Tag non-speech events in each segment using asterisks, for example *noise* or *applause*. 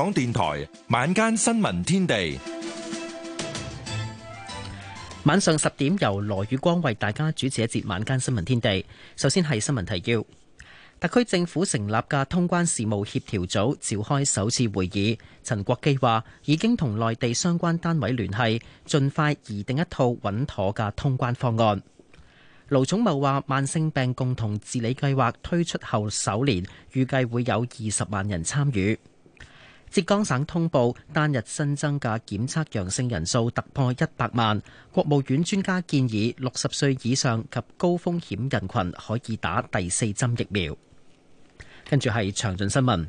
港電台晚間新聞天地，晚上十點由羅宇光為大家主持一節晚間新聞天地。首先係新聞提要：特區政府成立嘅通關事務協調組召開首次會議，陳國基話已經同內地相關單位聯繫，盡快擬定一套穩妥嘅通關方案。盧寵茂話，慢性病共同治理計劃推出後首年，預計會有二十萬人參與。浙江省通報單日新增嘅檢測陽性人數突破一百萬，國務院專家建議六十歲以上及高風險人群可以打第四針疫苗。跟住係詳盡新聞，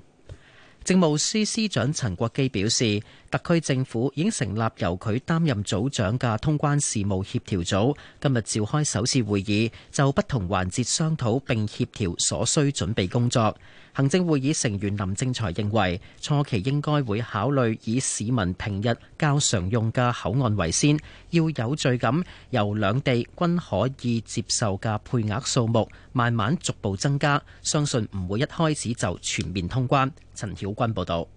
政務司司長陳國基表示，特區政府已經成立由佢擔任組長嘅通關事務協調組，今日召開首次會議，就不同環節商討並協調所需準備工作。行政會議成員林正財認為，初期應該會考慮以市民平日較常用嘅口岸為先，要有序咁由兩地均可以接受嘅配額數目慢慢逐步增加，相信唔會一開始就全面通關。陳曉君報導。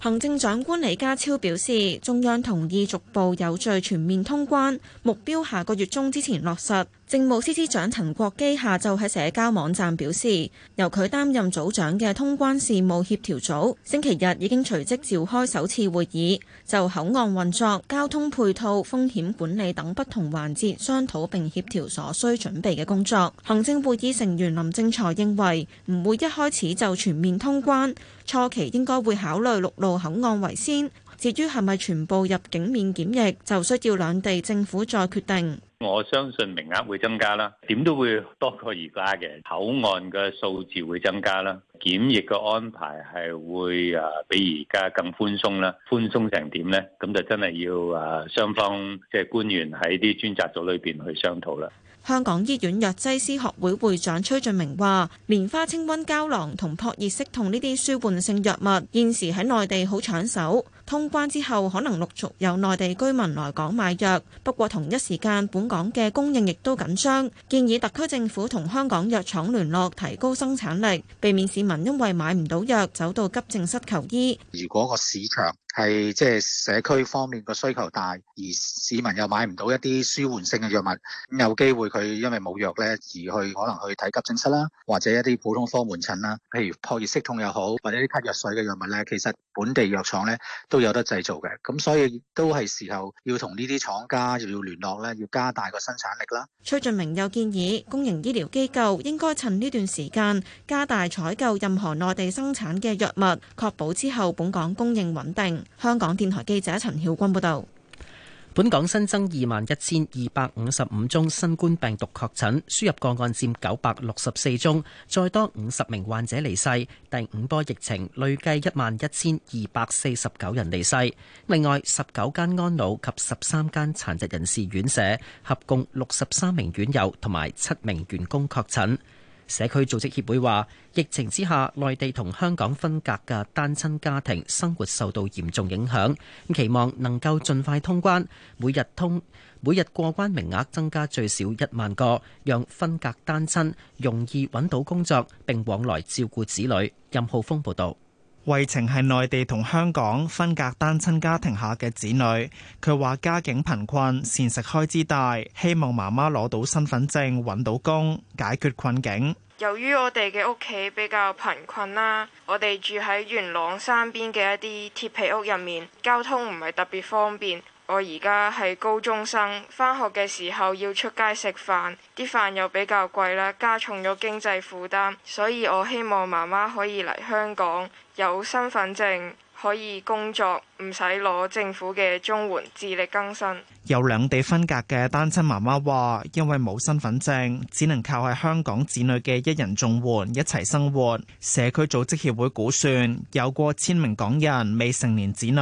行政長官李家超表示，中央同意逐步有序全面通關，目標下個月中之前落實。政務司司長陳國基下晝喺社交網站表示，由佢擔任組長嘅通關事務協調組，星期日已經隨即召開首次會議，就口岸運作、交通配套、風險管理等不同環節商討並協調所需準備嘅工作。行政會議成員林正財認為，唔會一開始就全面通關，初期應該會考慮陸路口岸為先，至於係咪全部入境免檢疫，就需要兩地政府再決定。我相信名額會增加啦，點都會多過而家嘅口岸嘅數字，會增加啦，檢疫嘅安排係會啊比而家更寬鬆啦，寬鬆成點咧？咁就真係要啊雙方即係官員喺啲專責組裏邊去商討啦。香港醫院藥劑師學會會長崔俊明話，蓮花清瘟膠囊同撲熱息痛呢啲舒緩性藥物，現時喺內地好搶手。通關之後，可能陸續有內地居民來港買藥。不過同一時間，本港嘅供應亦都緊張。建議特區政府同香港藥廠聯絡，提高生產力，避免市民因為買唔到藥走到急症室求醫。如果個市場係即係社區方面嘅需求大，而市民又買唔到一啲舒緩性嘅藥物，有機會佢因為冇藥呢而去可能去睇急症室啦，或者一啲普通科門診啦，譬如撲熱息痛又好，或者啲咳藥水嘅藥物呢。其實本地藥廠呢。都。都有得製造嘅，咁所以都係時候要同呢啲廠家又要聯絡咧，要加大個生產力啦。崔俊明又建議公營醫療機構應該趁呢段時間加大採購任何內地生產嘅藥物，確保之後本港供應穩定。香港電台記者陳曉君報道。本港新增二萬一千二百五十五宗新冠病毒確診，輸入個案占九百六十四宗，再多五十名患者離世。第五波疫情累計一萬一千二百四十九人離世。另外，十九間安老及十三間殘疾人士院舍合共六十三名院友同埋七名員工確診。社區組織協會話：疫情之下，內地同香港分隔嘅單親家庭生活受到嚴重影響，期望能夠盡快通關，每日通每日過關名額增加最少一萬個，讓分隔單親容易揾到工作並往來照顧子女。任浩峰報導。惠情係內地同香港分隔單親家庭下嘅子女，佢話家境貧困，膳食開支大，希望媽媽攞到身份證，揾到工，解決困境。由於我哋嘅屋企比較貧困啦，我哋住喺元朗山邊嘅一啲鐵皮屋入面，交通唔係特別方便。我而家係高中生，返學嘅時候要出街食飯，啲飯又比較貴啦，加重咗經濟負擔，所以我希望媽媽可以嚟香港。有身份證，可以工作。唔使攞政府嘅綜援，自力更生。有兩地分隔嘅單親媽媽話，因為冇身份證，只能靠喺香港子女嘅一人綜援一齊生活。社區組織協會估算，有過千名港人未成年子女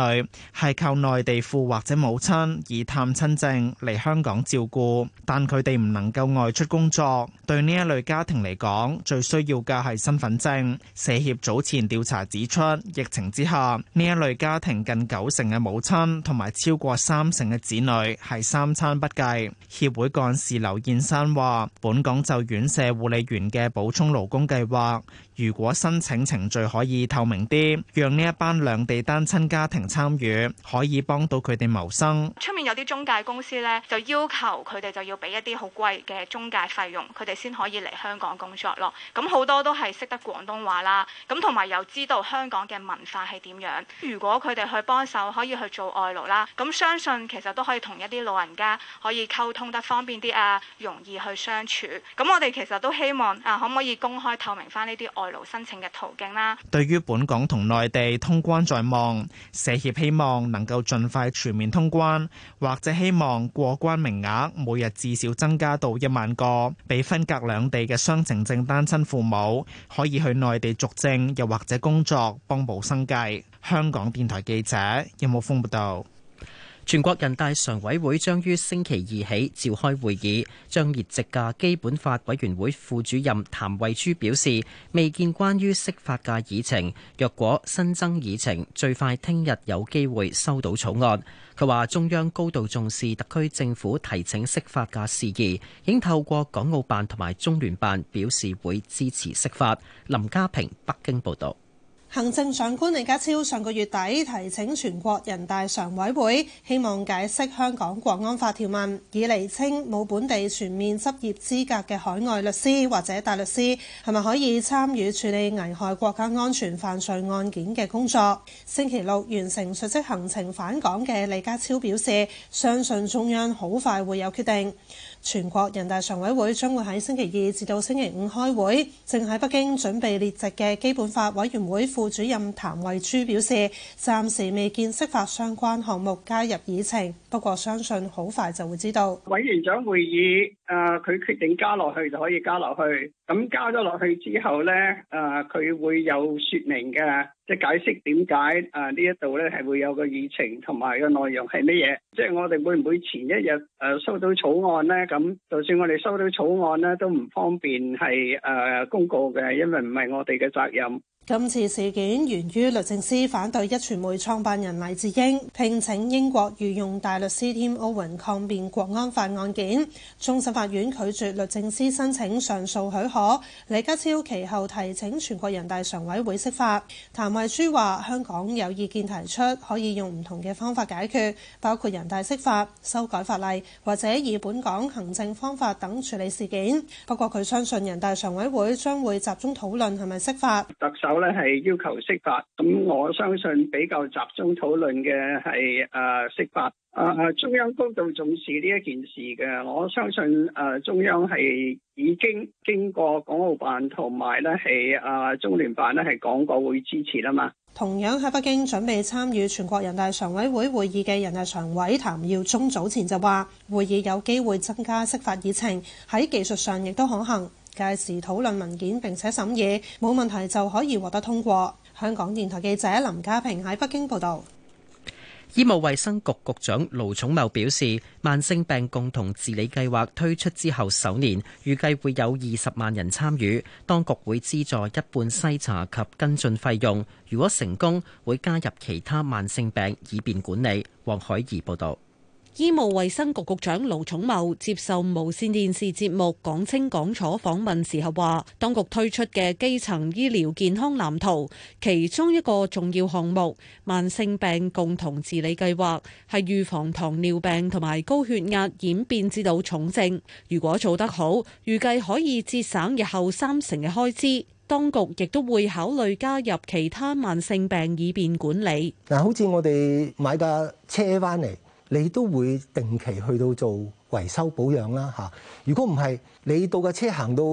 係靠內地父或者母親以探親證嚟香港照顧，但佢哋唔能夠外出工作。對呢一類家庭嚟講最需要嘅係身份證。社協早前調查指出，疫情之下呢一類家庭近九成嘅母親同埋超過三成嘅子女係三餐不繼。協會幹事劉燕山話，本港就院舍護理員嘅補充勞工計劃。如果申請程序可以透明啲，讓呢一班兩地單親家庭參與，可以幫到佢哋謀生。出面有啲中介公司呢，就要求佢哋就要俾一啲好貴嘅中介費用，佢哋先可以嚟香港工作咯。咁好多都係識得廣東話啦，咁同埋又知道香港嘅文化係點樣。如果佢哋去幫手，可以去做外勞啦。咁相信其實都可以同一啲老人家可以溝通得方便啲啊，容易去相處。咁我哋其實都希望啊，可唔可以公開透明返呢啲外申請嘅途徑啦。對於本港同內地通關在望，社協希望能夠盡快全面通關，或者希望過關名額每日至少增加到一萬個，俾分隔兩地嘅雙程證單親父母可以去內地續證，又或者工作幫補生計。香港電台記者任浩峰報道。有全國人大常委會將於星期二起召開會議。將熱席嘅基本法委員會副主任譚惠珠表示，未見關於釋法嘅議程。若果新增議程，最快聽日有機會收到草案。佢話中央高度重視特區政府提請釋法嘅事宜，已經透過港澳辦同埋中聯辦表示會支持釋法。林家平北京報導。行政長官李家超上個月底提請全國人大常委會，希望解釋香港國安法條文，以釐清冇本地全面執業資格嘅海外律師或者大律師係咪可以參與處理危害國家安全犯罪案件嘅工作。星期六完成述職行程返港嘅李家超表示，相信中央好快會有決定。全國人大常委會將會喺星期二至到星期五開會，正喺北京準備列席嘅基本法委員會副主任譚惠珠表示，暫時未見釋法相關項目加入議程，不過相信好快就會知道。委員長會議，誒佢決定加落去就可以加落去，咁加咗落去之後咧，誒佢會有説明嘅。即係解釋點解啊？呢一度咧係會有個議程同埋個內容係乜嘢？即係我哋會唔會前一日誒收到草案咧？咁就算我哋收到草案咧，都唔方便係誒公告嘅，因為唔係我哋嘅責任。今次事件源於律政司反對一傳媒創辦人黎智英聘請英國御用大律師添 i m 抗辯國安法案件，終審法院拒絕律政司申請上訴許可。李家超其後提請全國人大常委會釋法。譚慧珠話：香港有意見提出可以用唔同嘅方法解決，包括人大釋法、修改法例或者以本港行政方法等處理事件。不過佢相信人大常委會將會集中討論係咪釋法。我咧係要求釋法，咁我相信比較集中討論嘅係誒釋法。誒誒中央高度重視呢一件事嘅，我相信誒中央係已經經過港澳辦同埋咧係誒中聯辦咧係講過會支持啊嘛。同樣喺北京準備參與全國人大常委會會議嘅人大常委譚耀宗早前就話，會議有機會增加釋法議程，喺技術上亦都可行。屆時討論文件並且審議，冇問題就可以獲得通過。香港電台記者林家平喺北京報道。醫務衛生局局長盧寵茂表示，慢性病共同治理計劃推出之後首年，預計會有二十萬人參與，當局會資助一半篩查及跟進費用。如果成功，會加入其他慢性病以便管理。黃海怡報道。醫務衛生局局長盧寵茂接受無綫電視節目《講清講楚》訪問時候話，當局推出嘅基層醫療健康藍圖，其中一個重要項目——慢性病共同治理計劃，係預防糖尿病同埋高血壓演變至到重症。如果做得好，預計可以節省日後三成嘅開支。當局亦都會考慮加入其他慢性病以便管理嗱，好似我哋買架車翻嚟。你都會定期去到做維修保養啦嚇、啊。如果唔係，你到架車行到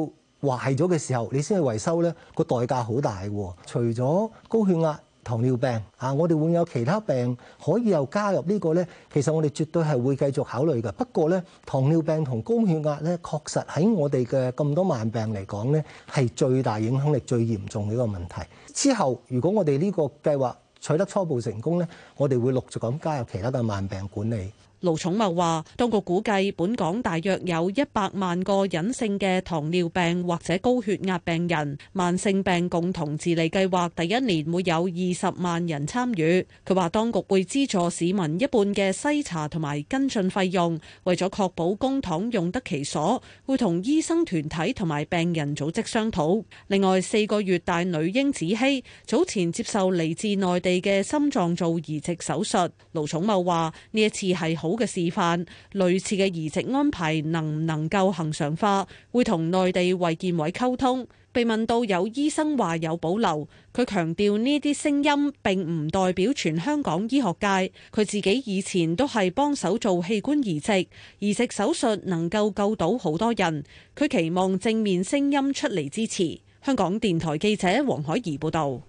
壞咗嘅時候，你先去維修呢，個代價好大喎、啊。除咗高血壓、糖尿病啊，我哋會有其他病可以又加入呢個呢。其實我哋絕對係會繼續考慮嘅。不過呢，糖尿病同高血壓呢，確實喺我哋嘅咁多慢病嚟講呢，係最大影響力、最嚴重嘅一個問題。之後如果我哋呢個計劃，取得初步成功咧，我哋會陸續咁加入其他嘅慢病管理。盧寵茂話：當局估計本港大約有一百萬個隱性嘅糖尿病或者高血壓病人，慢性病共同治理計劃第一年會有二十萬人參與。佢話當局會資助市民一半嘅篩查同埋跟進費用，為咗確保公帑用得其所，會同醫生團體同埋病人組織商討。另外，四個月大女嬰子希早前接受嚟自內地嘅心臟做移植手術。盧寵茂話呢一次係好。嘅示範，類似嘅移植安排能唔能夠恒常化，會同內地衛健委溝通。被問到有醫生話有保留，佢強調呢啲聲音並唔代表全香港醫學界。佢自己以前都係幫手做器官移植，移植手術能夠救到好多人。佢期望正面聲音出嚟支持。香港電台記者黃海怡報道。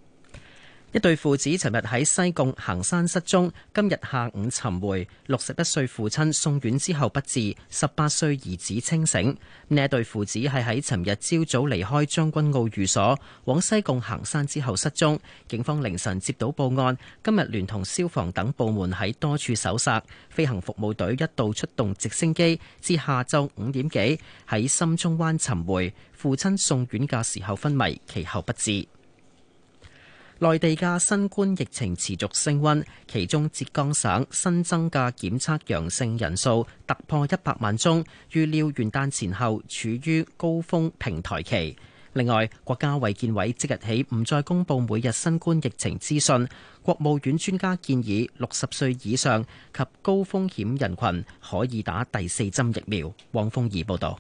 一對父子尋日喺西貢行山失蹤，今日下午尋回六十一歲父親送院之後不治，十八歲兒子清醒。呢一對父子係喺尋日朝早離開將軍澳寓所往西貢行山之後失蹤。警方凌晨接到報案，今日聯同消防等部門喺多處搜索。飛行服務隊一度出動直升機，至下晝五點幾喺深中灣尋回父親送院嘅時候昏迷，其後不治。內地嘅新冠疫情持續升温，其中浙江省新增嘅檢測陽性人數突破一百萬宗，預料元旦前後處於高峰平台期。另外，國家衛健委即日起唔再公布每日新冠疫情資訊。國務院專家建議，六十歲以上及高風險人群可以打第四針疫苗。汪峰儀報道。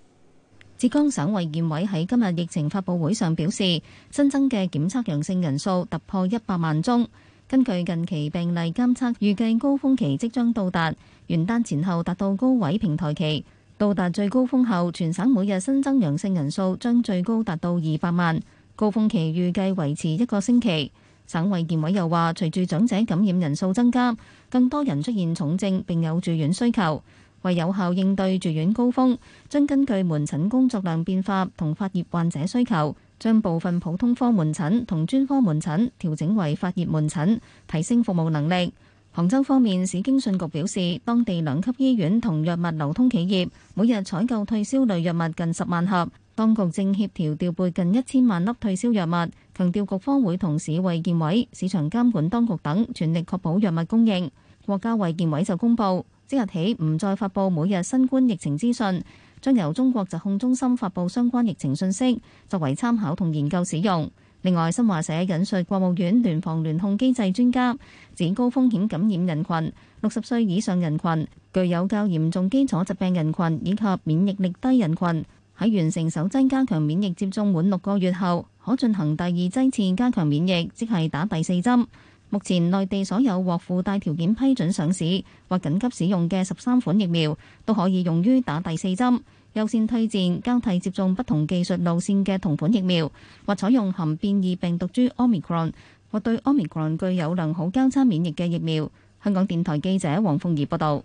浙江省衛健委喺今日疫情發布會上表示，新增嘅檢測陽性人數突破一百萬宗。根據近期病例監測，預計高峰期即將到達，元旦前後達到高位平台期。到達最高峰後，全省每日新增陽性人數將最高達到二百萬。高峰期預計維持一個星期。省衛健委又話，隨住長者感染人數增加，更多人出現重症，並有住院需求。為有效應對住院高峰，將根據門診工作量變化同發熱患者需求，將部分普通科門診同專科門診調整為發熱門診，提升服務能力。杭州方面，市經信局表示，當地兩級醫院同藥物流通企業每日採購退燒類藥物近十萬盒，當局正協調調配近一千萬粒退燒藥物，強調局方會同市衛健委、市場監管當局等全力確保藥物供應。國家衛健委就公布，即日起唔再發佈每日新冠疫情資訊，將由中國疾控中心發佈相關疫情信息作為參考同研究使用。另外，新華社引述國務院聯防聯控機制專家指，高風險感染人群、六十歲以上人群、具有較嚴重基礎疾病人群以及免疫力低人群，喺完成首劑加強免疫接種滿六個月後，可進行第二劑次加強免疫，即係打第四針。目前，內地所有獲附帶條件批准上市或緊急使用嘅十三款疫苗，都可以用於打第四針。優先推薦交替接種不同技術路線嘅同款疫苗，或採用含變異病毒株 Omicron，或對 Omicron 具有良好交叉免疫嘅疫苗。香港電台記者黃鳳儀報道。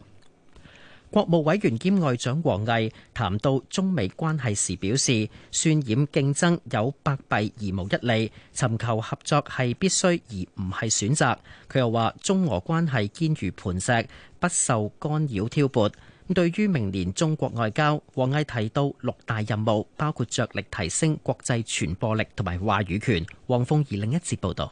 國務委員兼外長王毅談到中美關係時表示，渲染競爭有百弊而無一利，尋求合作係必須而唔係選擇。佢又話，中俄關係堅如磐石，不受干擾挑撥。咁對於明年中國外交，王毅提到六大任務，包括着力提升國際傳播力同埋話語權。黃鳳儀另一節報道。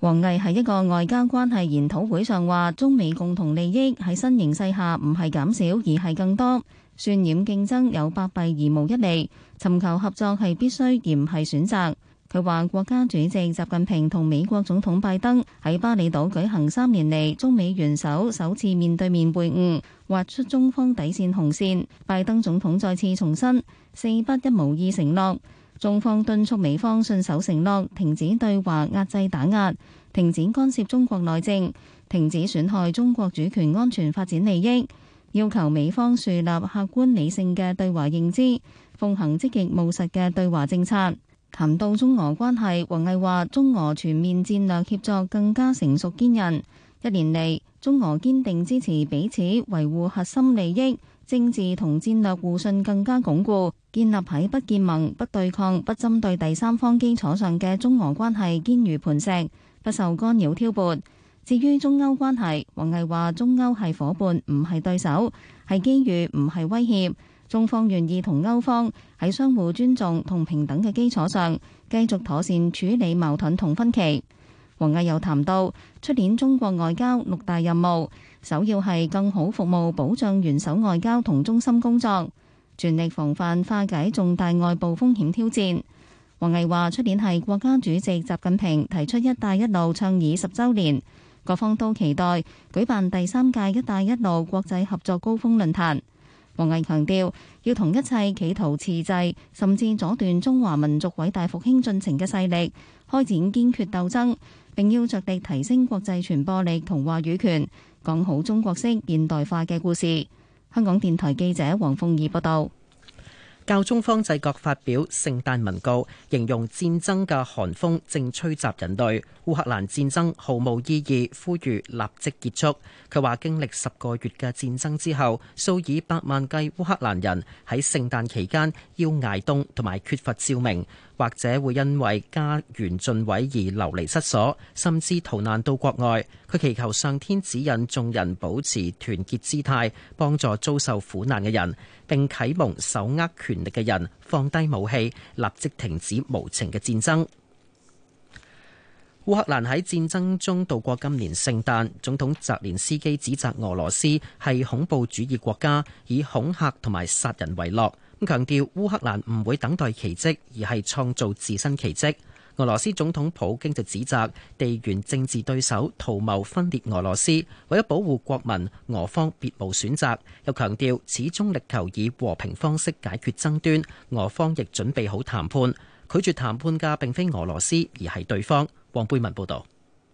王毅喺一個外交關係研討會上話：中美共同利益喺新形勢下唔係減少而係更多，渲染競爭有百弊而無一利，尋求合作係必須而唔係選擇。佢話國家主席習近平同美國總統拜登喺巴厘島舉行三年嚟中美元首首次面對面會晤，劃出中方底線紅線。拜登總統再次重申四不一無意承諾。中方敦促美方信守承諾，停止對華壓制打壓，停止干涉中國內政，停止損害中國主權安全發展利益，要求美方樹立客觀理性嘅對華認知，奉行積極務實嘅對華政策。談到中俄關係，王毅話中俄全面戰略協作更加成熟堅韌，一年嚟，中俄堅定支持彼此維護核心利益。政治同戰略互信更加鞏固，建立喺不結盟、不對抗、不針對第三方基礎上嘅中俄關係堅如磐石，不受干擾挑撥。至於中歐關係，王毅話：中歐係伙伴，唔係對手，係機遇，唔係威脅。中方願意同歐方喺相互尊重同平等嘅基礎上，繼續妥善處理矛盾同分歧。王毅又談到出年中國外交六大任務。首要係更好服務保障元首外交同中心工作，全力防範化解重大外部風險挑戰。王毅話：出年係國家主席習近平提出“一帶一路”倡議十週年，各方都期待舉辦第三屆“一帶一路”國際合作高峰論壇。王毅強調，要同一切企圖遲滯甚至阻斷中華民族偉大復興進程嘅勢力開展堅決鬥爭。並要着力提升國際傳播力同話語權。講好中國式現代化嘅故事。香港電台記者黃鳳儀報道，教宗方濟各發表聖誕文告，形容戰爭嘅寒風正吹襲人類。烏克蘭戰爭毫無意義，呼籲立即結束。佢話，經歷十個月嘅戰爭之後，數以百萬計烏克蘭人喺聖誕期間要挨冬，同埋缺乏照明。或者會因為家園盡毀而流離失所，甚至逃難到國外。佢祈求上天指引眾人保持團結姿態，幫助遭受苦難嘅人，並啟蒙手握權力嘅人放低武器，立即停止無情嘅戰爭。烏克蘭喺戰爭中度過今年聖誕，總統澤連斯基指責俄羅斯係恐怖主義國家，以恐嚇同埋殺人為樂。強調烏克蘭唔會等待奇蹟，而係創造自身奇蹟。俄羅斯總統普京就指責地緣政治對手圖謀分裂俄羅斯，為咗保護國民，俄方別無選擇。又強調始終力求以和平方式解決爭端，俄方亦準備好談判。拒絕談判嘅並非俄羅斯，而係對方。黃貝文報道。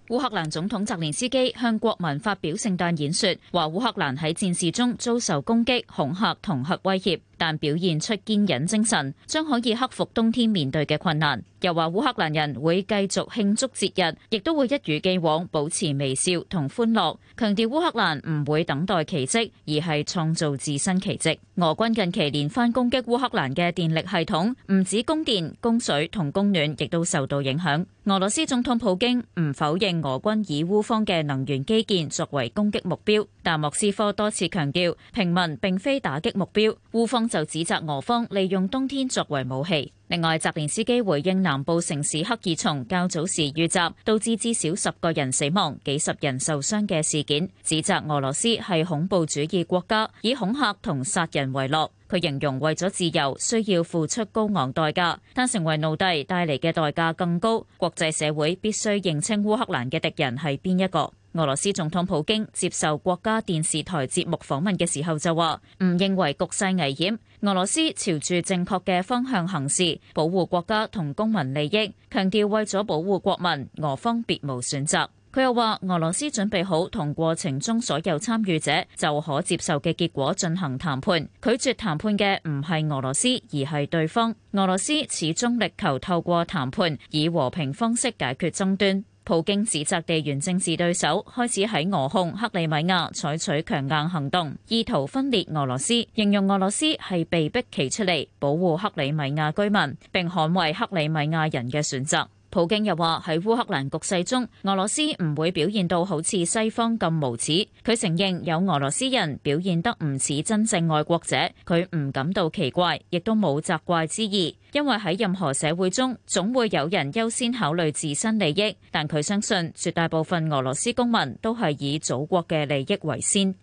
烏克蘭總統澤連斯基向國民發表聖誕演說，話烏克蘭喺戰事中遭受攻擊、恐嚇同核威脅。但表現出堅忍精神，將可以克服冬天面對嘅困難。又話烏克蘭人會繼續慶祝節日，亦都會一如既往保持微笑同歡樂。強調烏克蘭唔會等待奇蹟，而係創造自身奇蹟。俄軍近期連番攻擊烏克蘭嘅電力系統，唔止供電、供水同供暖，亦都受到影響。俄羅斯總統普京唔否認俄軍以烏方嘅能源基建作為攻擊目標，但莫斯科多次強調平民並非打擊目標，烏方，就指責俄方利用冬天作為武器。另外，澤連斯基回應南部城市赫爾松較早時遇襲，導致至少十個人死亡、幾十人受傷嘅事件，指責俄羅斯係恐怖主義國家，以恐嚇同殺人為樂。佢形容為咗自由需要付出高昂代價，但成為奴隸帶嚟嘅代價更高。國際社會必須認清烏克蘭嘅敵人係邊一個。俄羅斯總統普京接受國家電視台節目訪問嘅時候就話：唔認為局勢危險，俄羅斯朝住正確嘅方向行事，保護國家同公民利益。強調為咗保護國民，俄方別無選擇。佢又話：俄羅斯準備好同過程中所有參與者就可接受嘅結果進行談判。拒絕談判嘅唔係俄羅斯，而係對方。俄羅斯始終力求透過談判，以和平方式解決爭端。普京指責地緣政治對手開始喺俄控克里米亞採取強硬行動，意圖分裂俄羅斯，形容俄羅斯係被逼其出嚟保護克里米亞居民，並捍衛克里米亞人嘅選擇。普京又話：喺烏克蘭局勢中，俄羅斯唔會表現到好似西方咁無恥。佢承認有俄羅斯人表現得唔似真正愛國者，佢唔感到奇怪，亦都冇責怪之意，因為喺任何社會中總會有人優先考慮自身利益。但佢相信絕大部分俄羅斯公民都係以祖國嘅利益為先。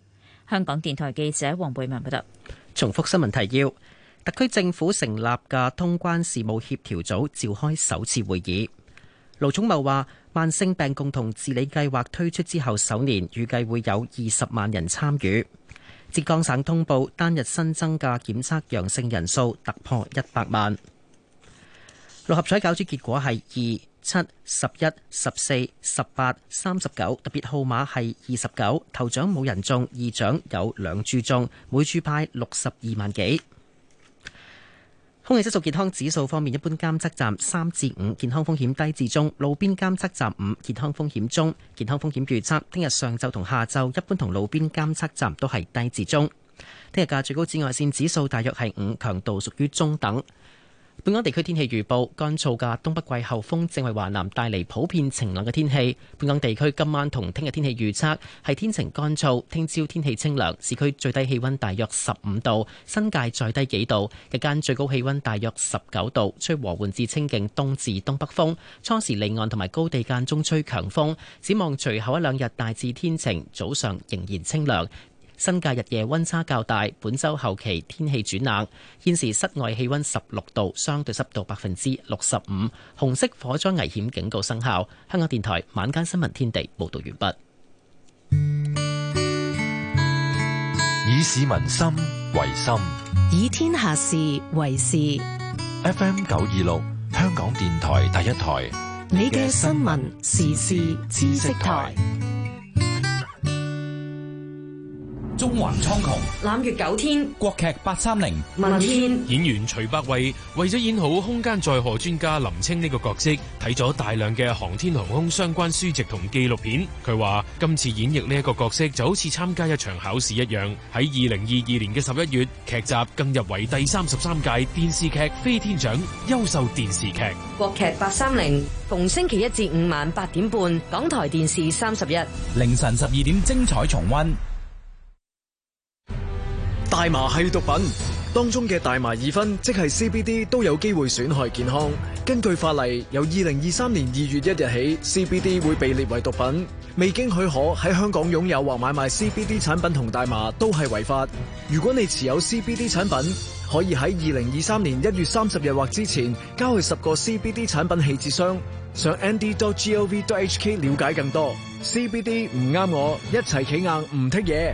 香港電台記者黃貝文報道。重複新聞提要：特區政府成立嘅通關事務協調組召開首次會議。盧寵茂話：慢性病共同治理計劃推出之後首年，預計會有二十萬人參與。浙江省通報單日新增嘅檢測陽性人數突破一百萬。六合彩攪珠結果係二七十一十四十八三十九，39, 特別號碼係二十九。頭獎冇人中，二獎有兩注中，每注派六十二萬幾。空氣質素健康指數方面，一般監測站三至五，健康風險低至中；路邊監測站五，健康風險中。健康風險預測：聽日上晝同下晝，一般同路邊監測站都係低至中。聽日嘅最高紫外線指數大約係五，強度屬於中等。本港地區天氣預報：乾燥嘅東北季候風正為華南帶嚟普遍晴朗嘅天氣。本港地區今晚同聽日天氣預測係天晴乾燥，聽朝天氣清涼，市區最低氣溫大約十五度，新界再低幾度，日間最高氣溫大約十九度，吹和緩至清勁東至東北風，初時離岸同埋高地間中吹強風。展望隨後一兩日大致天晴，早上仍然清涼。新界日夜溫差較大，本周後期天氣轉冷。現時室外氣溫十六度，相對濕度百分之六十五，紅色火災危險警告生效。香港電台晚間新聞天地報道完畢。以市民心為心，以天下事為事。FM 九二六，香港電台第一台，你嘅新聞時事知識台。中雲蒼穹，攬月九天。國劇八三零，文天演員徐百慧為咗演好空間載荷專家林清呢個角色，睇咗大量嘅航天航空相關書籍同紀錄片。佢話：今次演繹呢一個角色就好似參加一場考試一樣。喺二零二二年嘅十一月，劇集更入圍第三十三屆電視劇飛天獎優秀電視劇。國劇八三零，逢星期一至五晚八點半，港台電視三十一凌晨十二點精彩重温。大麻係毒品，當中嘅大麻二酚即係 CBD 都有機會損害健康。根據法例，由二零二三年二月一日起，CBD 會被列為毒品。未經許可喺香港擁有或買賣 CBD 產品同大麻都係違法。如果你持有 CBD 產品，可以喺二零二三年一月三十日或之前交去十個 CBD 產品棄置箱。上 nd.gov.hk 了解更多。CBD 唔啱我，一齊企硬唔剔嘢。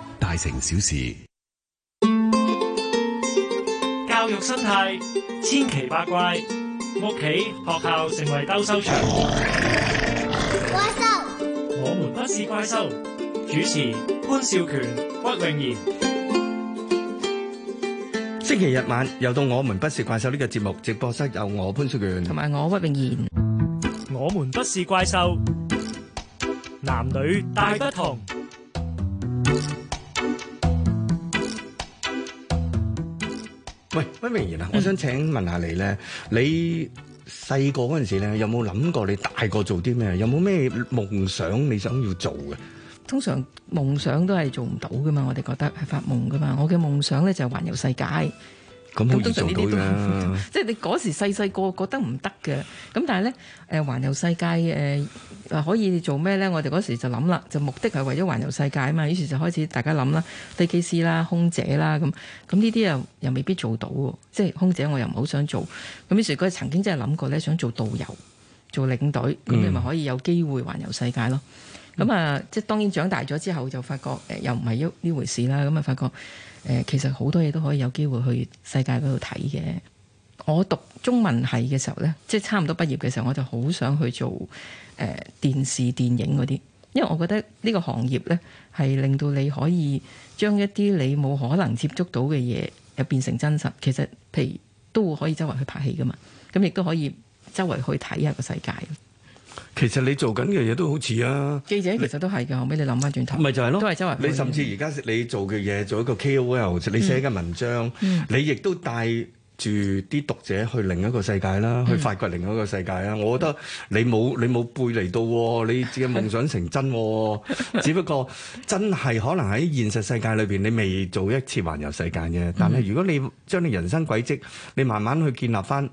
大城小事，教育生態千奇百怪，屋企學校成為鬥獸場。怪獸塞，我們不是怪獸。主持潘少權、屈穎妍。星期日晚又到《我們不是怪獸》呢，這個節目直播室，有我潘少權，同埋我屈穎妍。我們不是怪獸，男女大不同。喂，温明賢啊，我想請問下你咧，你細個嗰陣時咧，有冇諗過你大個做啲咩？有冇咩夢想你想要做嘅？通常夢想都係做唔到㗎嘛，我哋覺得係發夢㗎嘛。我嘅夢想咧就係環遊世界。咁通常呢啲都唔做到，即係 *laughs* 你嗰時細細個覺得唔得嘅。咁但係咧，誒、呃、環遊世界誒、呃、可以做咩咧？我哋嗰時就諗啦，就目的係為咗環遊世界啊嘛，於是就開始大家諗啦，飛機師啦、空姐啦咁，咁呢啲又又未必做到喎，即係空姐我又唔好想做，咁於是佢曾經真係諗過咧，想做導遊、做領隊，咁、嗯、你咪可以有機會環遊世界咯。咁啊，即、呃、係、嗯、當然長大咗之後就發覺誒、呃、又唔係喐呢回事啦，咁啊發覺。誒其實好多嘢都可以有機會去世界嗰度睇嘅。我讀中文系嘅時候呢，即係差唔多畢業嘅時候，我就好想去做誒、呃、電視電影嗰啲，因為我覺得呢個行業呢，係令到你可以將一啲你冇可能接觸到嘅嘢又變成真實。其實譬如都會可以周圍去拍戲㗎嘛，咁亦都可以周圍去睇下個世界。其實你做緊嘅嘢都好似啊，記者其實都係㗎。你後屘你諗翻轉頭，咪就係咯。都周你甚至而家你做嘅嘢，做一個 KOL，你寫緊文章，嗯、你亦都帶住啲讀者去另一個世界啦，嗯、去發掘另一個世界啦。嗯、我覺得你冇你冇背離到、啊，你自己夢想成真、啊。 *laughs* 只不過真係可能喺現實世界裏邊，你未做一次環遊世界啫。但係如果你將你人生軌跡，你慢慢去建立翻，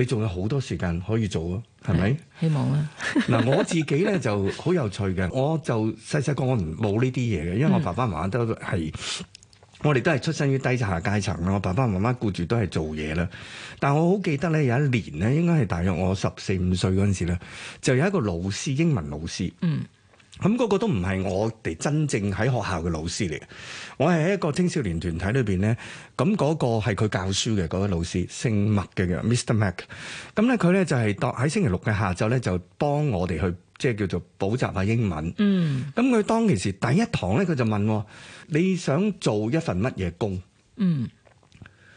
你仲有好多時間可以做啊，係咪是？吧希望啊！嗱，我自己咧就好有趣嘅，我就細細個我唔冇呢啲嘢嘅，因為我爸爸媽媽都係，我哋都係出身於低下階層啦。我爸爸媽媽顧住都係做嘢啦。但我好記得咧，有一年咧，應該係大約我十四五歲嗰陣時咧，就有一個老師，英文老師，嗯。咁嗰個都唔係我哋真正喺學校嘅老師嚟，我係喺一個青少年團體裏邊咧。咁、那、嗰個係佢教書嘅嗰位老師，姓麥嘅叫 Mr. Mac。咁咧佢咧就係當喺星期六嘅下晝咧，就幫我哋去即係、就是、叫做補習下英文。嗯。咁佢當其時第一堂咧，佢就問我：你想做一份乜嘢工？嗯。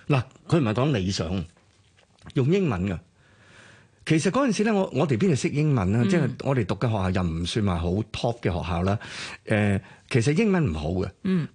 嗱，佢唔係講理想，用英文㗎。其實嗰陣時咧，我我哋邊度識英文啊？嗯、即係我哋讀嘅學校又唔算係好 top 嘅學校啦。誒、呃，其實英文唔好嘅。嗯。